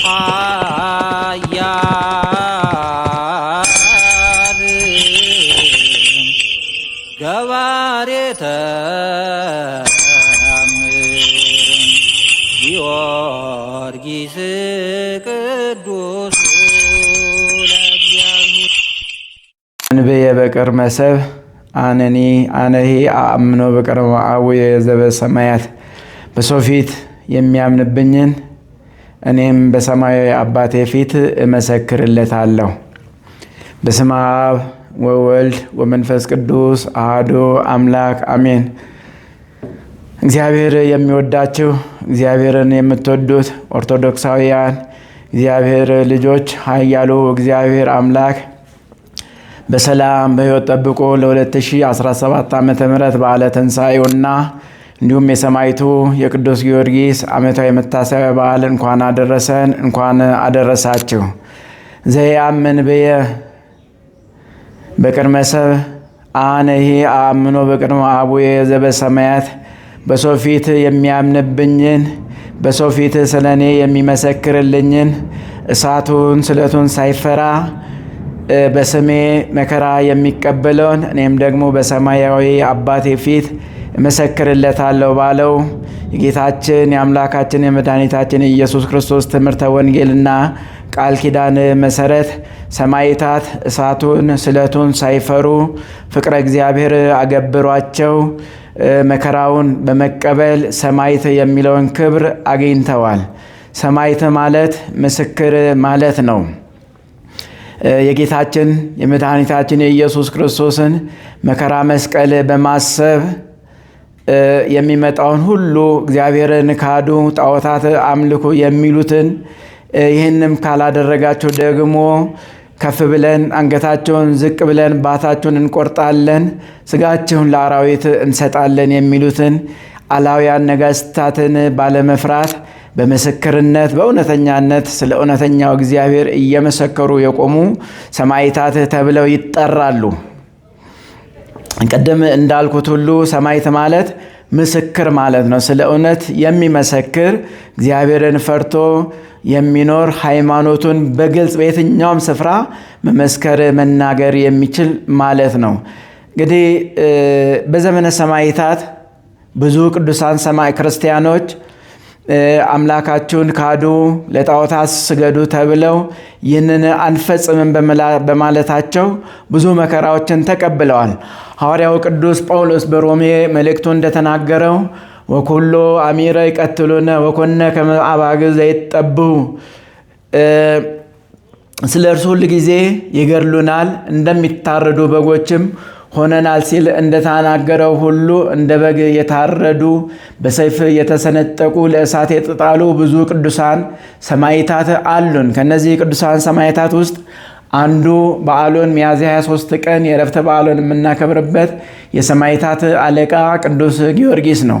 ኃያል ገባሬ ተአምር ጊዮርጊስ ቅዱስ እንብየ በቅድመ መሰብ አነኒ አነሂ አእምኖ በቅድመ አቡየ ዘበሰማያት በሰው ፊት የሚያምንብኝን እኔም በሰማያዊ አባቴ ፊት እመሰክርለታለሁ። በስመ አብ ወወልድ ወመንፈስ ቅዱስ አህዶ አምላክ አሜን። እግዚአብሔር የሚወዳችሁ እግዚአብሔርን የምትወዱት ኦርቶዶክሳውያን እግዚአብሔር ልጆች ኃያሉ እግዚአብሔር አምላክ በሰላም በሕይወት ጠብቆ ለ2017 ዓ ም በዓለ ትንሣኤውና እንዲሁም የሰማይቱ የቅዱስ ጊዮርጊስ ዓመታዊ መታሰቢያ በዓል እንኳን አደረሰን እንኳን አደረሳችሁ። ዘያምን ብየ በቅድመ ሰብ አነሂ አምኖ በቅድመ አቡዬ ዘበሰማያት በሰው ፊት የሚያምንብኝን በሰው ፊት ስለ እኔ የሚመሰክርልኝን እሳቱን ስለቱን ሳይፈራ በስሜ መከራ የሚቀበለውን እኔም ደግሞ በሰማያዊ አባቴ ፊት እመሰክርለታለሁ ባለው የጌታችን የአምላካችን የመድኃኒታችን የኢየሱስ ክርስቶስ ትምህርተ ወንጌልና ቃል ኪዳን መሰረት ሰማይታት እሳቱን ስለቱን ሳይፈሩ ፍቅረ እግዚአብሔር አገብሯቸው መከራውን በመቀበል ሰማይት የሚለውን ክብር አግኝተዋል። ሰማይት ማለት ምስክር ማለት ነው። የጌታችን የመድኃኒታችን የኢየሱስ ክርስቶስን መከራ መስቀል በማሰብ የሚመጣውን ሁሉ እግዚአብሔርን ካዱ፣ ጣዖታት አምልኩ የሚሉትን ይህንም ካላደረጋቸው ደግሞ ከፍ ብለን አንገታቸውን ዝቅ ብለን ባታቸውን እንቆርጣለን፣ ስጋቸውን ለአራዊት እንሰጣለን የሚሉትን አላውያን ነገስታትን ባለመፍራት በምስክርነት በእውነተኛነት ስለ እውነተኛው እግዚአብሔር እየመሰከሩ የቆሙ ሰማዕታት ተብለው ይጠራሉ። ቅድም እንዳልኩት ሁሉ ሰማዕት ማለት ምስክር ማለት ነው። ስለ እውነት የሚመሰክር እግዚአብሔርን ፈርቶ የሚኖር ሃይማኖቱን በግልጽ በየትኛውም ስፍራ መመስከር መናገር የሚችል ማለት ነው። እንግዲህ በዘመነ ሰማዕታት ብዙ ቅዱሳን ሰማዕት ክርስቲያኖች አምላካችሁን ካዱ፣ ለጣዖታት ስገዱ ተብለው ይህንን አንፈጽምም በማለታቸው ብዙ መከራዎችን ተቀብለዋል። ሐዋርያው ቅዱስ ጳውሎስ በሮሜ መልእክቱ እንደተናገረው ወኩሎ አሚረ ይቀትሉነ ወኮነ ከመ አባግዕ ዘይጠብሑ ስለ እርሱ ሁል ጊዜ ይገድሉናል እንደሚታረዱ በጎችም ሆነናል ሲል እንደተናገረው ሁሉ እንደ በግ የታረዱ በሰይፍ የተሰነጠቁ ለእሳት የተጣሉ ብዙ ቅዱሳን ሰማይታት አሉን። ከነዚህ ቅዱሳን ሰማይታት ውስጥ አንዱ በዓሉን ሚያዝያ 23 ቀን የዕረፍተ በዓሉን የምናከብርበት የሰማይታት አለቃ ቅዱስ ጊዮርጊስ ነው።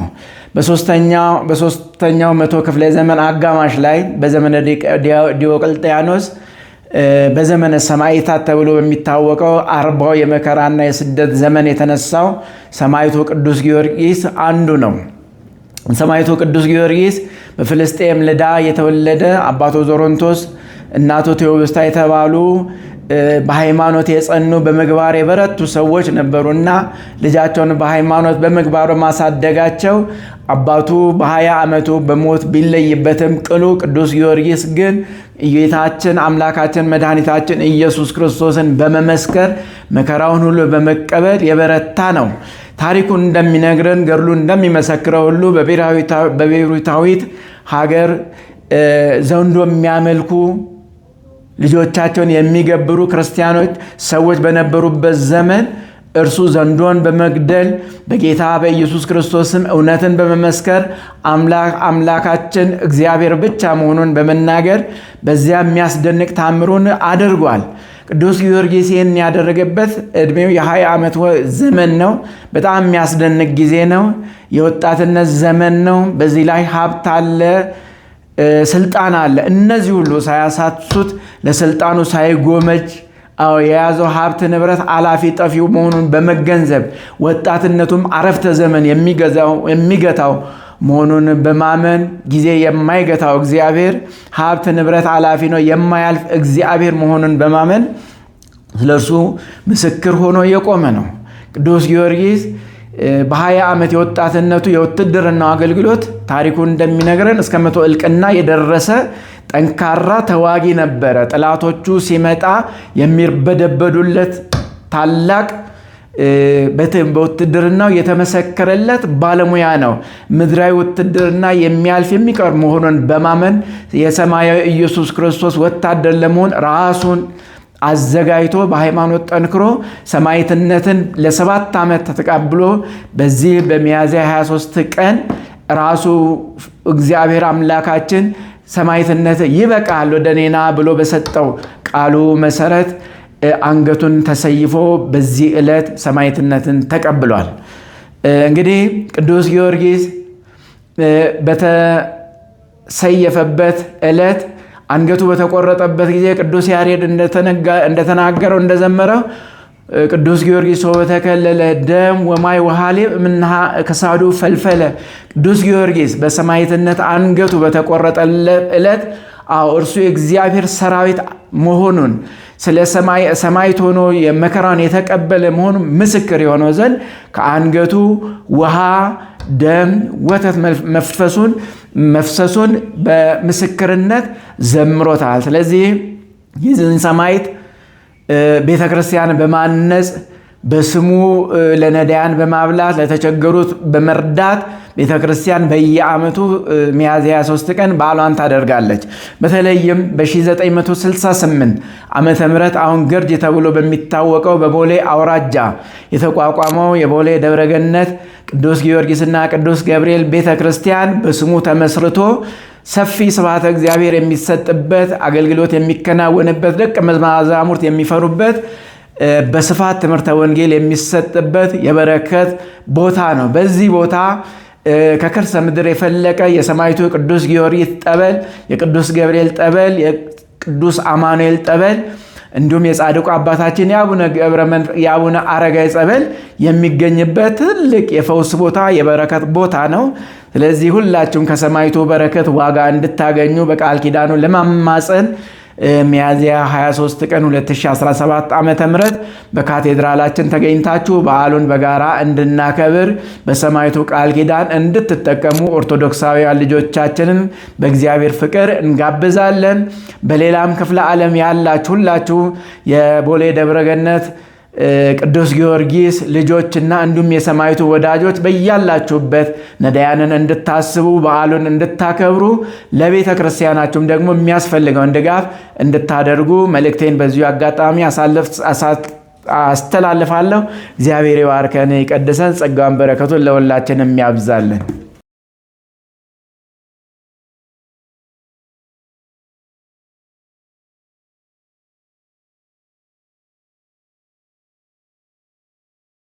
በሶስተኛው መቶ ክፍለ ዘመን አጋማሽ ላይ በዘመነ ዲዮቅልጥያኖስ በዘመነ ሰማይታት ተብሎ በሚታወቀው አርባው የመከራና የስደት ዘመን የተነሳው ሰማይቱ ቅዱስ ጊዮርጊስ አንዱ ነው። ሰማይቱ ቅዱስ ጊዮርጊስ በፍልስጤም ልዳ የተወለደ አባቶ ዞሮንቶስ እናቶ ቴዎብስታ የተባሉ በሃይማኖት የጸኑ በምግባር የበረቱ ሰዎች ነበሩና ልጃቸውን በሃይማኖት በምግባሩ ማሳደጋቸው አባቱ በሀያ ዓመቱ በሞት ቢለይበትም ቅሉ ቅዱስ ጊዮርጊስ ግን ጌታችን አምላካችን መድኃኒታችን ኢየሱስ ክርስቶስን በመመስከር መከራውን ሁሉ በመቀበል የበረታ ነው። ታሪኩን እንደሚነግረን ገድሉ እንደሚመሰክረው ሁሉ በቤሩታዊት ሀገር ዘንዶ የሚያመልኩ ልጆቻቸውን የሚገብሩ ክርስቲያኖች ሰዎች በነበሩበት ዘመን እርሱ ዘንዶን በመግደል በጌታ በኢየሱስ ክርስቶስም እውነትን በመመስከር አምላካችን እግዚአብሔር ብቻ መሆኑን በመናገር በዚያ የሚያስደንቅ ታምሩን አድርጓል። ቅዱስ ጊዮርጊስ ይህን ያደረገበት ዕድሜው የ20 ዓመት ዘመን ነው። በጣም የሚያስደንቅ ጊዜ ነው። የወጣትነት ዘመን ነው። በዚህ ላይ ሀብት አለ፣ ስልጣን አለ። እነዚህ ሁሉ ሳያሳትሱት ለስልጣኑ ሳይጎመጅ የያዘው ሀብት ንብረት አላፊ ጠፊው መሆኑን በመገንዘብ ወጣትነቱም አረፍተ ዘመን የሚገታው መሆኑን በማመን ጊዜ የማይገታው እግዚአብሔር ሀብት ንብረት አላፊ ነው የማያልፍ እግዚአብሔር መሆኑን በማመን ስለ እርሱ ምስክር ሆኖ የቆመ ነው ቅዱስ ጊዮርጊስ በሀያ ዓመት የወጣትነቱ የውትድርናው አገልግሎት ታሪኩ እንደሚነግረን እስከ መቶ እልቅና የደረሰ ጠንካራ ተዋጊ ነበረ። ጠላቶቹ ሲመጣ የሚርበደበዱለት ታላቅ በውትድርናው የተመሰከረለት ባለሙያ ነው። ምድራዊ ውትድርና የሚያልፍ የሚቀር መሆኑን በማመን የሰማያዊ ኢየሱስ ክርስቶስ ወታደር ለመሆን ራሱን አዘጋጅቶ በሃይማኖት ጠንክሮ ሰማዕትነትን ለሰባት ዓመት ተተቃብሎ በዚህ በሚያዝያ 23 ቀን ራሱ እግዚአብሔር አምላካችን ሰማዕትነት ይበቃል ወደ እኔና ብሎ በሰጠው ቃሉ መሰረት አንገቱን ተሰይፎ በዚህ ዕለት ሰማዕትነትን ተቀብሏል። እንግዲህ ቅዱስ ጊዮርጊስ በተሰየፈበት ዕለት አንገቱ በተቆረጠበት ጊዜ ቅዱስ ያሬድ እንደተናገረው እንደዘመረ ቅዱስ ጊዮርጊስ በተከለለ ደም ወማይ ወሃሌብ ምንሃ ከሳዱ ፈልፈለ። ቅዱስ ጊዮርጊስ በሰማይትነት አንገቱ በተቆረጠ ዕለት እርሱ የእግዚአብሔር ሰራዊት መሆኑን ስለ ሰማይት ሆኖ የመከራን የተቀበለ መሆኑ ምስክር የሆነው ዘንድ ከአንገቱ ውሃ ደም ወተት መፍሰሱን መፍሰሱን በምስክርነት ዘምሮታል። ስለዚህ ይህን ሰማዕት ቤተ በማነጽ በስሙ ለነዳያን በማብላት ለተቸገሩት በመርዳት ቤተ ክርስቲያን በየዓመቱ ሚያዝያ 23 ቀን በዓሏን ታደርጋለች። በተለይም በ1968 ዓመተ ምህረት አሁን ግርጅ ተብሎ በሚታወቀው በቦሌ አውራጃ የተቋቋመው የቦሌ ደብረገነት ቅዱስ ጊዮርጊስና ቅዱስ ገብርኤል ቤተ ክርስቲያን በስሙ ተመስርቶ ሰፊ ስብሐተ እግዚአብሔር የሚሰጥበት አገልግሎት የሚከናወንበት ደቀ መዛሙርት የሚፈሩበት በስፋት ትምህርተ ወንጌል የሚሰጥበት የበረከት ቦታ ነው። በዚህ ቦታ ከከርሰ ምድር የፈለቀ የሰማይቱ ቅዱስ ጊዮርጊስ ጠበል፣ የቅዱስ ገብርኤል ጠበል፣ የቅዱስ አማኑኤል ጠበል እንዲሁም የጻድቁ አባታችን የአቡነ አረጋዊ ጸበል የሚገኝበት ትልቅ የፈውስ ቦታ የበረከት ቦታ ነው። ስለዚህ ሁላችሁም ከሰማይቱ በረከት ዋጋ እንድታገኙ በቃል ኪዳኑ ለማማፀን ሚያዝያ 23 ቀን 2017 ዓ ም በካቴድራላችን ተገኝታችሁ በዓሉን በጋራ እንድናከብር በሰማይቱ ቃል ኪዳን እንድትጠቀሙ ኦርቶዶክሳውያን ልጆቻችንን በእግዚአብሔር ፍቅር እንጋብዛለን። በሌላም ክፍለ ዓለም ያላችሁ ሁላችሁ የቦሌ ደብረገነት ቅዱስ ጊዮርጊስ ልጆችና እንዲሁም የሰማይቱ ወዳጆች በያላችሁበት ነዳያንን እንድታስቡ በዓሉን እንድታከብሩ ለቤተ ክርስቲያናችሁም ደግሞ የሚያስፈልገውን ድጋፍ እንድታደርጉ መልእክቴን በዚሁ አጋጣሚ አስተላልፋለሁ። እግዚአብሔር ይባርከን፣ ይቀድሰን፣ ጸጋን በረከቱን ለሁላችን የሚያብዛልን።